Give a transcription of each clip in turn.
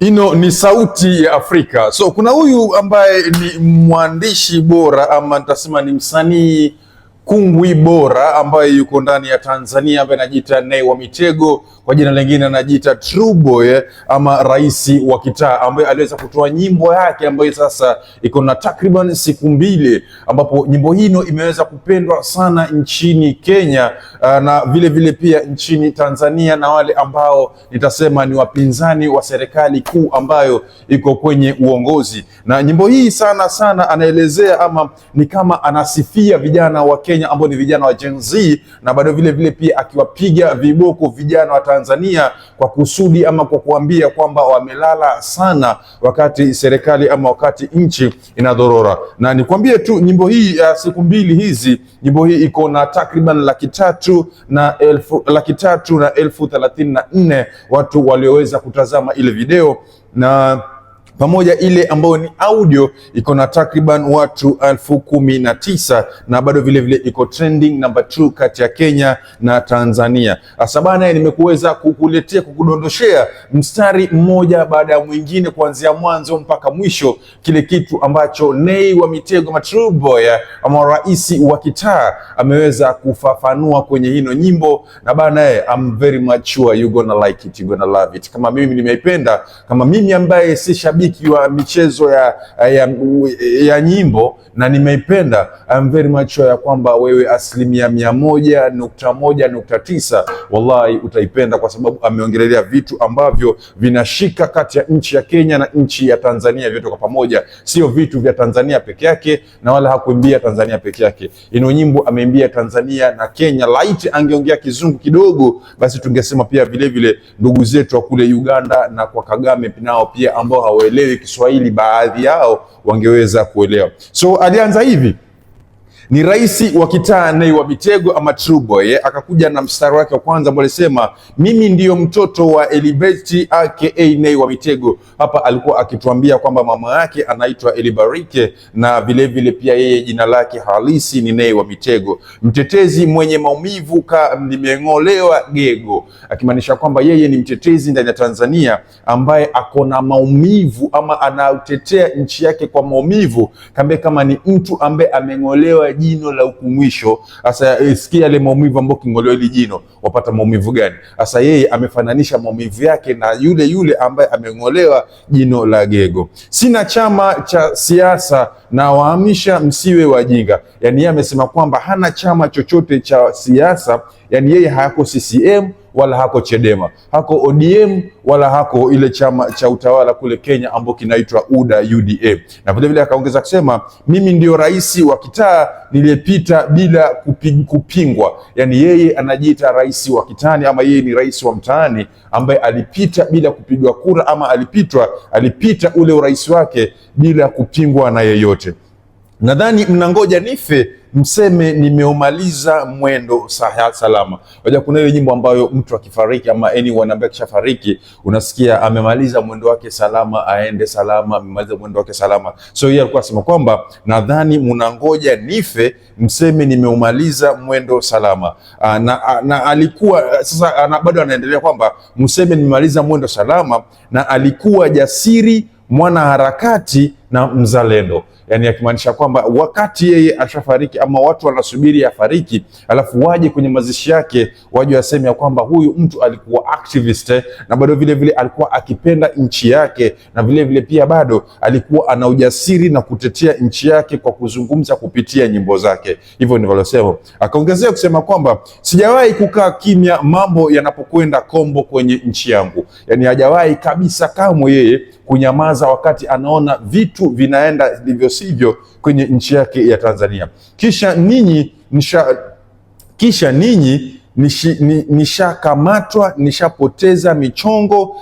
Hino ni sauti ya Afrika. So kuna huyu ambaye ni mwandishi bora ama nitasema ni msanii kungwi bora ambaye yuko ndani ya Tanzania ambaye anajiita Nay wa Mitego, kwa jina lingine anajiita True Boy ama rais wa kitaa, ambaye aliweza kutoa nyimbo yake ambayo sasa iko na takriban siku mbili, ambapo nyimbo hino imeweza kupendwa sana nchini Kenya uh, na vile vile pia nchini Tanzania na wale ambao nitasema ni wapinzani wa serikali kuu ambayo iko kwenye uongozi, na nyimbo hii sana sana anaelezea ama ni kama anasifia vijana wa Kenya Kenya ambao ni vijana wa Gen Z, na bado vile vile pia akiwapiga viboko vijana wa Tanzania kwa kusudi ama kwa kuambia kwamba wamelala sana wakati serikali ama wakati nchi inadhorora. Na nikwambie tu nyimbo hii ya siku mbili hizi, nyimbo hii iko na takriban laki tatu na elfu laki tatu na elfu thelathini na nne watu walioweza kutazama ile video na pamoja ile ambayo ni audio iko na takriban watu elfu kumi na tisa na bado vilevile iko trending number two kati ya Kenya na Tanzania. Asabana, nimekuweza kukuletea kukudondoshea mstari mmoja baada ya mwingine kuanzia mwanzo mpaka mwisho, kile kitu ambacho Nay wa Mitego True Boy ama rais wa kitaa ameweza kufafanua kwenye hino nyimbo, na bana, eh, I'm very much sure you gonna like it, you gonna love it, kama mimi nimeipenda, kama mimi ambaye si shabiki mashabiki wa michezo ya, ya, ya nyimbo na nimeipenda. I'm very much sure ya kwamba wewe asilimia mia moja nukta moja nukta tisa wallahi utaipenda, kwa sababu ameongelelea vitu ambavyo vinashika kati ya nchi ya Kenya na nchi ya Tanzania vyote kwa pamoja, sio vitu vya Tanzania peke yake, na wala hakuimbia Tanzania peke yake. Ino nyimbo ameimbia Tanzania na Kenya. Laiti angeongea kizungu kidogo, basi tungesema pia vilevile ndugu zetu wa kule Uganda na kwa Kagame nao pia ambao hawa hawaelewi Kiswahili, baadhi yao wangeweza kuelewa. So alianza hivi. Ni rais wa kitaa naye wa Mitego ama True Boy eh? akakuja na mstari wake wa kwanza ambao alisema mimi ndiyo mtoto wa Elibert aka Nay wa Mitego. Hapa alikuwa akituambia kwamba mama yake anaitwa Elibarike na vilevile pia yeye jina lake halisi ni Nay wa Mitego, mtetezi mwenye maumivu ka nimeng'olewa gego, akimaanisha kwamba yeye ni mtetezi ndani ya Tanzania ambaye ako na maumivu ama anautetea nchi yake kwa maumivu kambe, kama ni mtu ambaye ameng'olewa jino la huku mwisho. Sasa eh, sikia ile maumivu ambayo king'olewa ile jino wapata maumivu gani? asa yeye amefananisha maumivu yake na yule yule ambaye ameng'olewa jino la gego. Sina chama cha siasa na wahamisha, msiwe wajinga. Yani yeye amesema kwamba hana chama chochote cha siasa, yani yeye hayako CCM wala hako Chadema, hako ODM wala hako ile chama cha utawala kule Kenya ambao kinaitwa UDA UDA. Na vilevile akaongeza kusema mimi ndio rais wa kitaa niliyepita bila kupingwa. Yani yeye anajiita rais wa kitani ama yeye ni rais wa mtaani ambaye alipita bila kupigwa kura ama alipitwa, alipita ule urais wake bila kupingwa na yeyote. Nadhani mnangoja nife mseme nimeumaliza mwendo saha salama. Unajua kuna ile nyimbo ambayo mtu akifariki ama anyone ambaye kishafariki unasikia amemaliza mwendo wake salama, aende salama, amemaliza mwendo wake salama. So yeye alikuwa anasema kwamba nadhani mnangoja nife mseme nimeumaliza mwendo salama. Ah, na, ah, na alikuwa sasa ah, na, bado anaendelea kwamba mseme nimemaliza mwendo salama, na alikuwa jasiri, mwana harakati na mzalendo yani akimaanisha kwamba wakati yeye ashafariki ama watu wanasubiri afariki, alafu waje kwenye mazishi yake waje waseme ya kwamba huyu mtu alikuwa activist na bado vile vile alikuwa akipenda nchi yake na vile vile pia bado alikuwa ana ujasiri na kutetea nchi yake kwa kuzungumza kupitia nyimbo zake. Hivyo ndivyo alivyosema. Akaongezea kusema kwamba sijawahi kukaa kimya mambo yanapokwenda kombo kwenye nchi yangu, yani hajawahi kabisa kamwe yeye kunyamaza wakati anaona vitu vinaenda ndivyo sivyo kwenye nchi yake ya Tanzania. Kisha ninyi nisha, kisha ninyi nishakamatwa nishapoteza michongo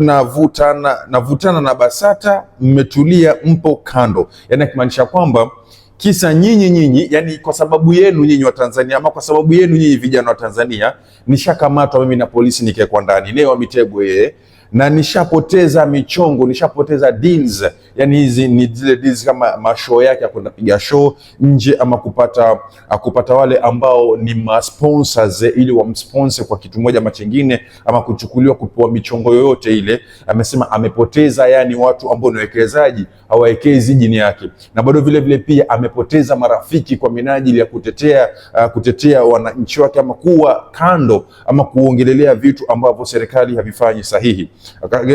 navutana na, vutana na BASATA, mmetulia mpo kando, yani akimaanisha kwamba kisa nyinyi nyinyi, yani kwa sababu yenu nyinyi wa Tanzania, ama kwa sababu yenu nyinyi vijana wa Tanzania, nishakamatwa mimi na polisi nikawekwa ndani, leo Mitego yeye, na nishapoteza michongo, nishapoteza deals yani hizi ni zile deals kama mashow yake ya kwenda piga show nje ama kupata kupata wale ambao ni sponsors ili wamsponsor kwa kitu moja ama chingine ama kuchukuliwa kupewa michongo yoyote ile. Amesema amepoteza yani watu ambao ni wawekezaji hawawekezi jini yake, na bado vile vile pia amepoteza marafiki kwa minajili ya kutetea uh, kutetea wananchi wake ama kuwa kando ama kuongelelea vitu ambavyo serikali havifanyi sahihi.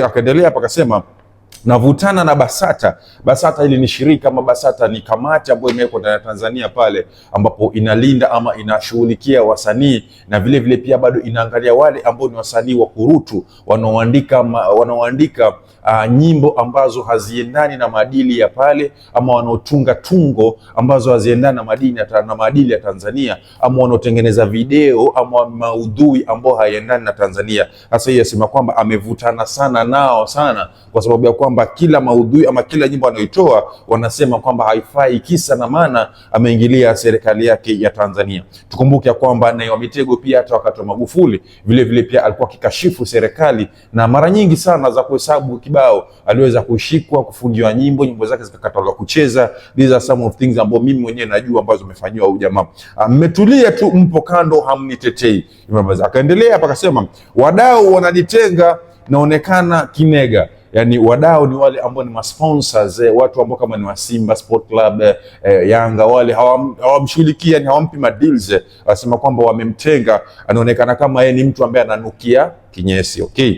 Akaendelea hapa akasema navutana na BASATA. BASATA ili ni shirika ama BASATA ni kamati ambayo imewekwa ndani ya Tanzania pale ambapo inalinda ama inashughulikia wasanii na vile vile pia bado inaangalia wale ambao ni wasanii wa kurutu wanaoandika wanaoandika uh, nyimbo ambazo haziendani na maadili ya pale, ama wanaotunga tungo ambazo haziendani na maadili na maadili ya Tanzania, ama wanaotengeneza video ama maudhui ambao haiendani na Tanzania. Sasa hiyo yasema kwamba amevutana sana nao sana, kwa sababu ya kwamba kila maudhui ama kila nyimbo anayoitoa wanasema kwamba haifai, kisa na maana ameingilia serikali yake ya Tanzania. Tukumbuke ya kwamba Nay wa Mitego pia hata wakati wa Magufuli vilevile pia alikuwa akikashifu serikali na mara nyingi sana za kuhesabu kibao, aliweza kushikwa, kufungiwa nyimbo, nyimbo zake zikakatwa kucheza. These are some of things ambao mimi mwenyewe najua ambazo umefanyiwa huyu jamaa. Ah, mmetulia tu, mpo kando, hamnitetei. Akaendelea hapa akasema, wadau wanajitenga, naonekana kinega Yani, wadau ni wale ambao ni masponsors eh, watu ambao kama ni wa Simba Sport Club eh, eh Yanga wale hawamshughulikia hawa yani hawampi madeals eh, asema kwamba wamemtenga, anaonekana kama yeye ni mtu ambaye ananukia kinyesi. Okay.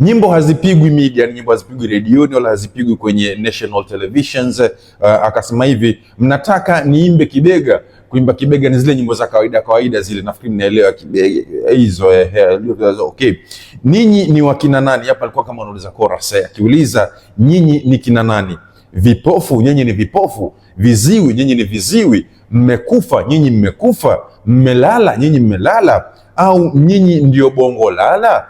Nyimbo hazipigwi media, nyimbo hazipigwi redioni wala hazipigwi kwenye national televisions. Uh, akasema hivi, mnataka niimbe kibega. Kuimba kibega ni zile nyimbo za kawaida kawaida zile, nafikiri mnaelewa kibega eh, hizo. Eh, eh, okay, ninyi ni wakina nani? Hapa alikuwa kama anauliza chorus, eh, akiuliza nyinyi ni kina nani? Vipofu nyinyi ni vipofu, viziwi nyinyi ni viziwi, mmekufa nyinyi mmekufa, mmelala nyinyi mmelala, au nyinyi ndio bongo lala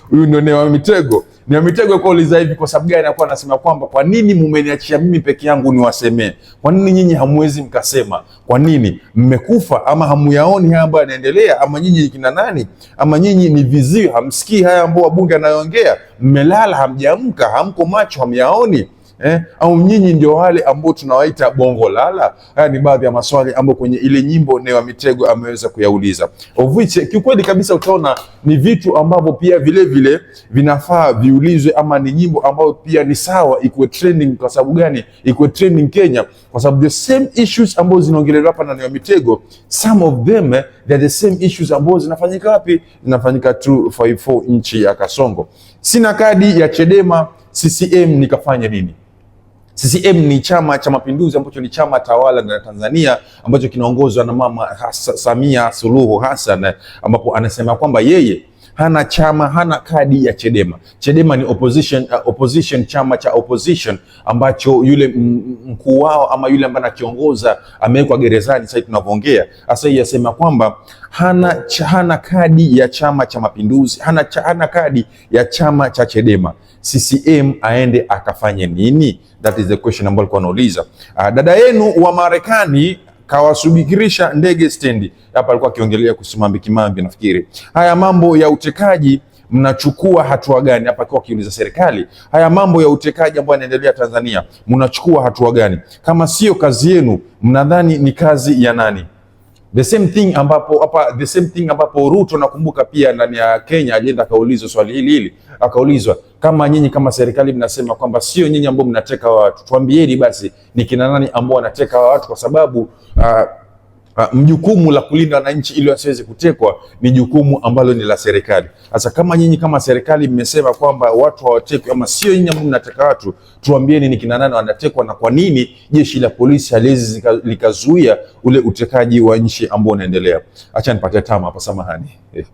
huyu ndo Nea Mitego. Nea Mitego kwa uliza hivi kwa sababu gani anakuwa anasema kwamba kwa nini mumeniachia mimi peke yangu niwasemee? Kwa nini nyinyi hamwezi mkasema? Kwa nini mmekufa ama hamuyaoni haya ambayo yanaendelea? Ama nyinyi kina nani? Ama nyinyi ni viziwi, hamsikii haya ambao wabunge anayoongea? Mmelala, hamjaamka, hamko macho, hamyaoni eh? Au nyinyi ndio wale ambao tunawaita bongo lala? Haya ni baadhi ya maswali ambayo kwenye ile nyimbo Nay wa Mitego ameweza kuyauliza, of kiukweli kabisa utaona ni vitu ambavyo pia vile vile vinafaa viulizwe, ama ni nyimbo ambayo pia ni sawa ikuwe trending. Kwa sababu gani ikuwe trending Kenya? Kwa sababu the same issues ambazo zinaongelewa hapa na Nay wa Mitego, some of them eh, they are the same issues ambazo zinafanyika wapi? Zinafanyika 254 nchi ya Kasongo. Sina kadi ya Chadema CCM nikafanya nini? CCM ni Chama cha Mapinduzi ambacho ni chama tawala na Tanzania ambacho kinaongozwa na Mama Samia Suluhu Hassan ambapo anasema kwamba yeye hana chama, hana kadi ya Chadema. Chadema ni opposition, uh, opposition, chama cha opposition ambacho yule mkuu wao ama yule ambaye anakiongoza amewekwa gerezani sasa tunavyoongea. Sasa hii yasema kwamba hana, hana kadi ya chama cha mapinduzi, hana, hana kadi ya chama cha Chadema. CCM aende akafanye nini? That is the question ambayo alikuwa anauliza. Uh, dada yenu wa Marekani kawasubikirisha ndege stendi. Hapa alikuwa akiongelea kusimambi kimambi, nafikiri haya mambo ya utekaji mnachukua hatua gani? Hapa akiwa akiuliza serikali, haya mambo ya utekaji ambayo yanaendelea Tanzania, mnachukua hatua gani? Kama sio kazi yenu, mnadhani ni kazi ya nani? The same thing ambapo hapa, the same thing ambapo Ruto nakumbuka pia ndani ya Kenya alienda akaulizwa swali hili hili, akaulizwa kama nyinyi kama serikali mnasema kwamba sio nyinyi ambao mnateka watu, tuambieni basi ni kina nani ambao wanateka watu kwa sababu uh, uh, ah, jukumu la kulinda wananchi ili wasiweze kutekwa ni jukumu ambalo ni la serikali. Sasa kama nyinyi kama serikali mmesema kwamba watu hawatekwi, ama sio nyinyi ambao mnateka watu, tuambieni ni kina nani wanatekwa na kwa nini jeshi la polisi haliwezi likazuia ule utekaji wa nchi ambao unaendelea. Acha nipate tama hapa, samahani eh.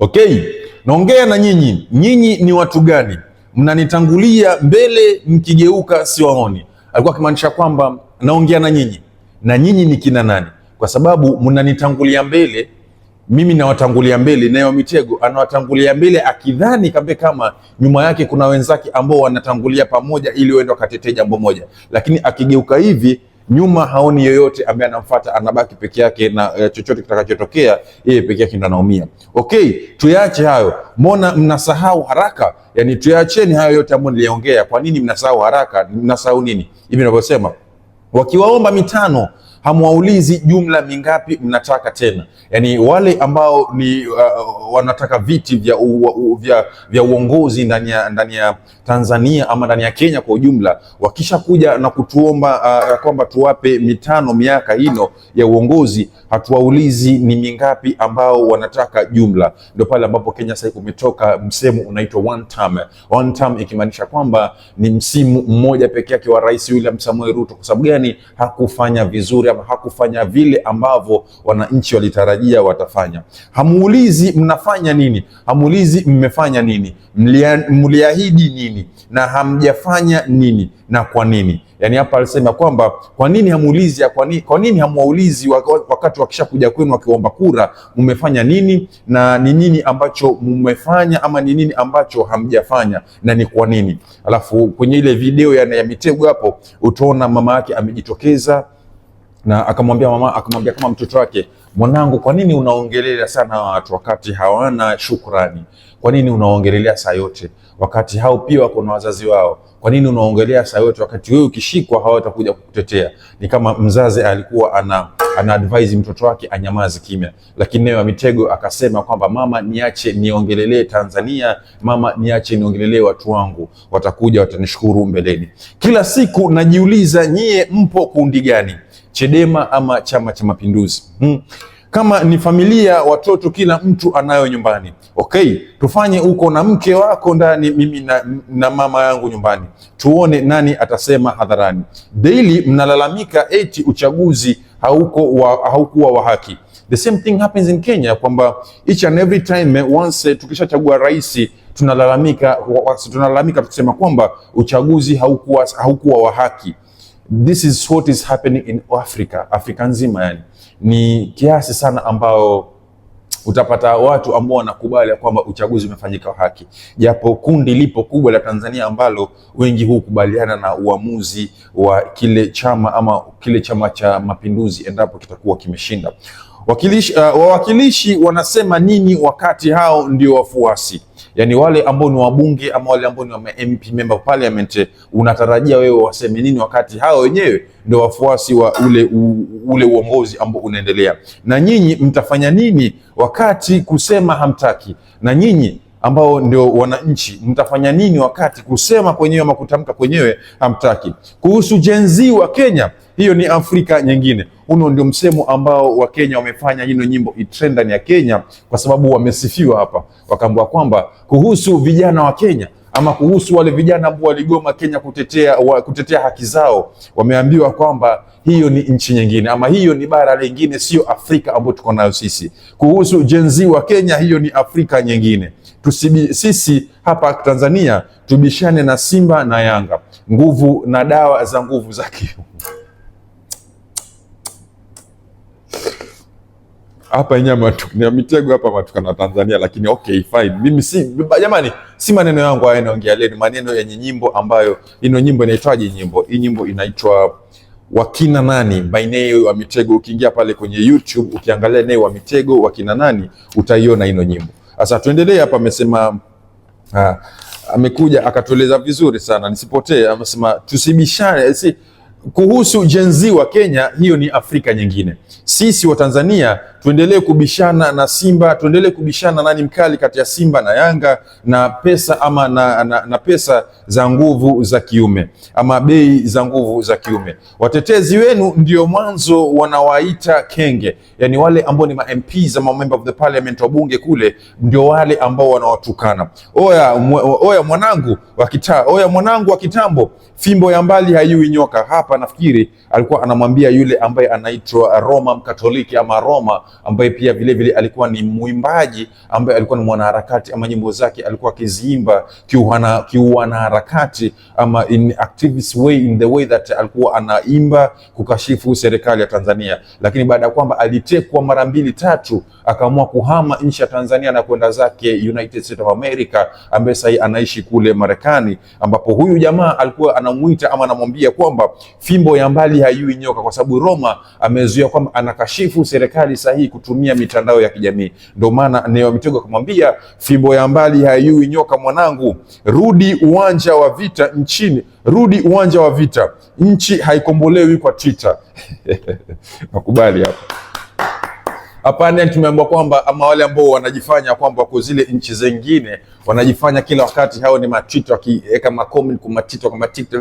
Okay naongea na nyinyi, nyinyi ni watu gani? Mnanitangulia mbele, mkigeuka siwaoni. Alikuwa akimaanisha kwamba naongea na nyinyi, na nyinyi ni kina nani? Kwa sababu mnanitangulia mbele, mimi nawatangulia mbele, nayo mitego anawatangulia mbele, akidhani kambe kama nyuma yake kuna wenzake ambao wanatangulia pamoja, ili waende wakatetee jambo moja, lakini akigeuka hivi nyuma haoni yoyote ambaye anamfuata, anabaki peke yake na e, chochote kitakachotokea yeye peke yake ndo anaumia. Okay, tuyaache hayo. Mbona mnasahau haraka? Yani tuyaacheni hayo yote ambayo niliongea. Kwa nini mnasahau haraka? Mnasahau nini? Hivi ninavyosema, wakiwaomba mitano hamwaulizi jumla mingapi mnataka tena. Yani wale ambao ni uh, uh wanataka viti vya, u, u, vya, vya uongozi ndani ya ndani ya Tanzania ama ndani ya Kenya kwa ujumla, wakisha kuja na kutuomba uh, kwamba tuwape mitano miaka hino ya uongozi, hatuwaulizi ni mingapi ambao wanataka jumla. Ndio pale ambapo Kenya sasa kumetoka msemo unaitwa one term. One term ikimaanisha kwamba ni msimu mmoja peke yake wa rais William Samoei Ruto. Kwa sababu gani hakufanya vizuri na hakufanya vile ambavyo wananchi walitarajia watafanya. Hamuulizi mnafanya nini, hamuulizi mmefanya nini, mliahidi nini na hamjafanya nini na kwa nini. Yani hapa alisema kwamba kwa nini hamuulizi, kwa nini hamwaulizi wakati wakishakuja kwenu wakiomba kura, mmefanya nini na ni nini ambacho mmefanya ama ni nini ambacho hamjafanya na ni kwa nini. Alafu kwenye ile video ya, ya Mitego hapo utaona mama yake amejitokeza na akamwambia mama, akamwambia kama mtoto wake, mwanangu, kwa nini unaongelea sana watu wakati hawana shukrani? Kwa nini unaongelea saa yote wakati hao pia wako na wazazi wao? Kwa nini unaongelea saa yote wakati wewe ukishikwa hawatakuja kukutetea? Ni kama mzazi alikuwa ana ana advise mtoto wake anyamaze kimya, lakini naye Mitego akasema kwamba mama, niache niongelelee Tanzania, mama, niache niongelelee watu wangu, watakuja watanishukuru mbeleni. Kila siku najiuliza, nyie mpo kundi gani? Chadema ama Chama cha Mapinduzi hmm. Kama ni familia, watoto, kila mtu anayo nyumbani. Okay, tufanye huko na mke wako ndani, mimi na, na mama yangu nyumbani, tuone nani atasema hadharani. Daily mnalalamika eti uchaguzi hauko wa, haukuwa wa haki. The same thing happens in Kenya kwamba each and every time eh, once eh, tukishachagua rais tunalalamika, tunalalamika tukisema kwamba uchaguzi haukuwa, haukuwa wa haki. This is what is happening in Africa, Afrika nzima yani. Ni kiasi sana ambao utapata watu ambao wanakubali ya kwamba uchaguzi umefanyika haki, japo kundi lipo kubwa la Tanzania ambalo wengi hukubaliana na uamuzi wa kile chama ama kile Chama cha Mapinduzi endapo kitakuwa kimeshinda. Wakilishi, uh, wawakilishi wanasema nini wakati hao ndio wafuasi, yaani wale ambao ni wabunge ama wale ambao ni wa MP member parliament, unatarajia wewe waseme nini wakati hao wenyewe ndio wafuasi wa ule, u, ule uongozi ambao unaendelea? Na nyinyi mtafanya nini wakati kusema hamtaki? Na nyinyi ambao ndio wananchi mtafanya nini wakati kusema kwenyewe ama kutamka kwenyewe hamtaki? Kuhusu Gen Z wa Kenya, hiyo ni Afrika nyingine. Huno ndio msemo ambao Wakenya wamefanya ino nyimbo itrend ndani ya Kenya kwa sababu wamesifiwa hapa, wakaambiwa kwamba kuhusu vijana wa Kenya ama kuhusu wale vijana ambao waligoma Kenya kutetea, wa, kutetea haki zao, wameambiwa kwamba hiyo ni nchi nyingine ama hiyo ni bara lingine, sio Afrika ambayo tuko nayo sisi. Kuhusu Gen Z wa Kenya, hiyo ni Afrika nyingine. Tusibi, sisi hapa Tanzania tubishane na Simba na Yanga, nguvu na dawa za nguvu za kiume hapa yenyewe ni mitego hapa matukana Tanzania, lakini okay fine, mimi si jamani, si maneno yangu haya, naongea leo ni maneno yenye nyimbo ambayo ino nyimbo inaitwaje? Nyimbo hii nyimbo inaitwa wakina nani by wa Mitego. Ukiingia pale kwenye YouTube ukiangalia nei wa Mitego wakina nani, utaiona ino nyimbo. Sasa tuendelee hapa, amesema ah, amekuja akatueleza vizuri sana, nisipotee. Amesema tusibishane si kuhusu jenzi wa Kenya, hiyo ni Afrika nyingine. Sisi wa Tanzania tuendelee kubishana na Simba, tuendelee kubishana nani mkali kati ya Simba na Yanga na pesa ama na, na, na pesa za nguvu za kiume ama bei za nguvu za kiume. Watetezi wenu ndio mwanzo wanawaita kenge, yani wale ambao ni ma MPs ama member of the parliament wa bunge kule, ndio wale ambao wanawatukana. Oya, oya mwanangu wa kitaa, oya mwanangu wa kitambo, fimbo ya mbali haiui nyoka hapa hapa nafikiri alikuwa anamwambia yule ambaye anaitwa Roma Mkatoliki ama Roma ambaye pia vile vile alikuwa ni mwimbaji ambaye alikuwa ni mwanaharakati ama nyimbo zake alikuwa akiziimba kiwanaharakati ama in activist way, in the way that alikuwa anaimba kukashifu serikali ya Tanzania, lakini baada ya kwamba alitekwa mara mbili tatu, akaamua kuhama nchi ya Tanzania na kwenda zake United States of America, ambaye sasa anaishi kule Marekani, ambapo huyu jamaa alikuwa anamuita ama anamwambia kwamba fimbo ya mbali hayui nyoka, kwa sababu Roma amezuia kwamba anakashifu serikali sahihi kutumia mitandao ya kijamii. Ndio maana Neo Mitego akamwambia, fimbo ya mbali hayui nyoka, mwanangu, rudi uwanja wa vita nchini, rudi uwanja wa vita, nchi haikombolewi kwa Twitter. Nakubali hapa hapana, tumeambiwa kwamba ama wale ambao wanajifanya kwamba wako zile nchi zingine wanajifanya kila wakati hao ni matwitter wakiweka macomment kwa matwitter kwa matwitter,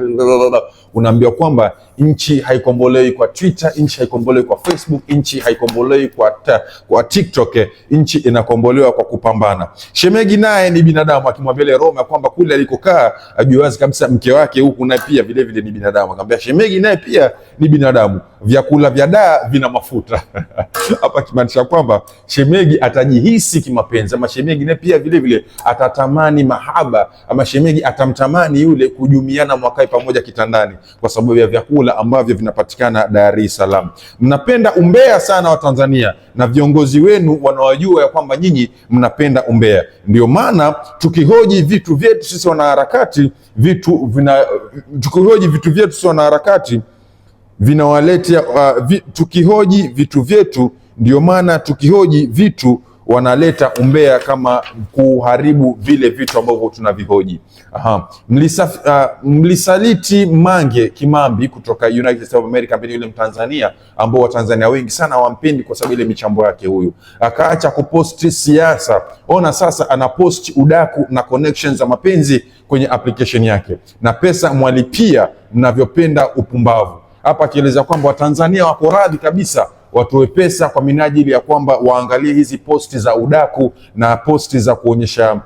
unaambiwa kwamba nchi haikombolewi kwa Twitter, nchi haikombolewi kwa Facebook, nchi haikombolewi kwa, ta, kwa TikTok, nchi inakombolewa kwa kupambana. Shemegi naye ni binadamu, akimwambia ile Roma kwamba kule alikokaa ajue wazi kabisa mke wake huku naye pia vile vile ni binadamu, akamwambia shemegi naye pia ni binadamu, vyakula vya daa vina mafuta hapa kimaanisha kwamba shemegi atajihisi kimapenzi ama shemegi naye pia vile vile ata atamani mahaba ama shemeji atamtamani yule kujumiana mwakae pamoja kitandani, kwa sababu ya vyakula ambavyo vinapatikana Dar es Salaam. Mnapenda umbea sana Watanzania, na viongozi wenu wanawajua ya kwamba nyinyi mnapenda umbea. Ndio maana tukihoji vitu vyetu sisi wanaharakati vitu vina, tukihoji vitu vyetu sisi wanaharakati vinawaletea uh, vi, tukihoji vitu vyetu ndio maana tukihoji vitu wanaleta umbea kama kuharibu vile vitu ambavyo tunavihoji. Aha. uh, mlisaliti Mange Kimambi kutoka United States of America, yule Mtanzania ambao Watanzania wengi sana wampendi kwa sababu ile michambo yake. Huyu akaacha kuposti siasa, ona sasa anaposti udaku na connections za mapenzi kwenye application yake, na pesa mwalipia mnavyopenda upumbavu hapa, akieleza kwamba Watanzania wako radhi kabisa watoe pesa kwa minajili ya kwamba waangalie hizi posti za udaku na posti za kuonyesha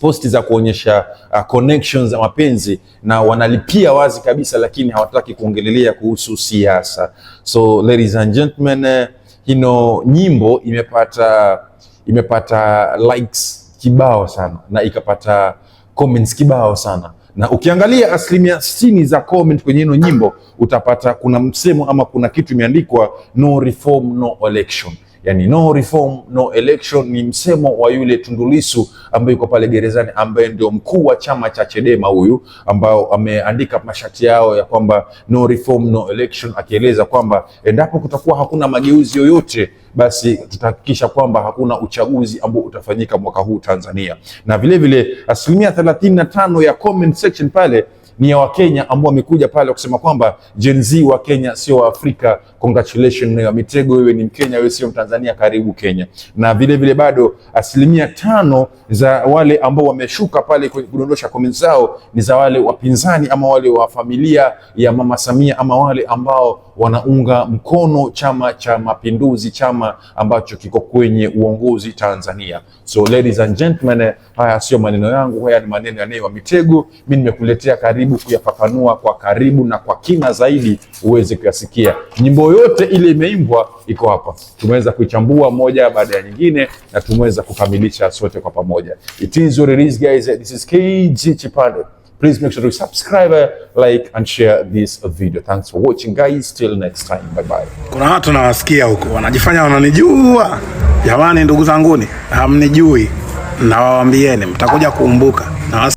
posti za kuonyesha uh, connections za mapenzi na wanalipia wazi kabisa, lakini hawataki kuongelelea kuhusu siasa. So ladies and gentlemen, uh, hino nyimbo imepata imepata likes kibao sana na ikapata comments kibao sana na ukiangalia asilimia sitini za comment kwenye hino nyimbo utapata kuna msemo ama kuna kitu imeandikwa no reform no election yani no reform, no election ni msemo wa yule Tundu Lissu ambaye yuko pale gerezani, ambaye ndio mkuu wa chama cha Chadema huyu, ambao ameandika mashati yao ya kwamba no reform, no election, akieleza kwamba endapo kutakuwa hakuna mageuzi yoyote basi tutahakikisha kwamba hakuna uchaguzi ambao utafanyika mwaka huu Tanzania. Na vilevile asilimia thelathini na tano ya comment section pale ni ya Wakenya ambao wamekuja pale kusema kwamba Gen Z wa Kenya sio wa Afrika. Congratulations na mitego, wewe ni Mkenya, wewe sio Mtanzania, karibu Kenya. Na vile vile bado asilimia tano za wale ambao wameshuka pale kudondosha comments zao ni za wale wapinzani ama wale wa familia ya Mama Samia ama wale ambao wanaunga mkono Chama cha Mapinduzi, chama ambacho kiko kwenye uongozi Tanzania. So ladies and gentlemen, haya sio maneno yangu, haya ni maneno ya Nay wa Mitego. Mimi nimekuletea karibu tunajaribu kuyafafanua kwa karibu na kwa kina zaidi uweze kuyasikia. Nyimbo yote ile imeimbwa iko hapa, tumeweza kuichambua moja baada ya nyingine na tumeweza kukamilisha sote kwa pamoja. It is your release guys, this is KG Chipande. Please make sure to subscribe, like and share this video. Thanks for watching guys, till next time. Bye bye. Kuna watu nawasikia huko wanajifanya wananijua. Jamani, ndugu zanguni, hamnijui, nawaambieni mtakuja kuumbuka na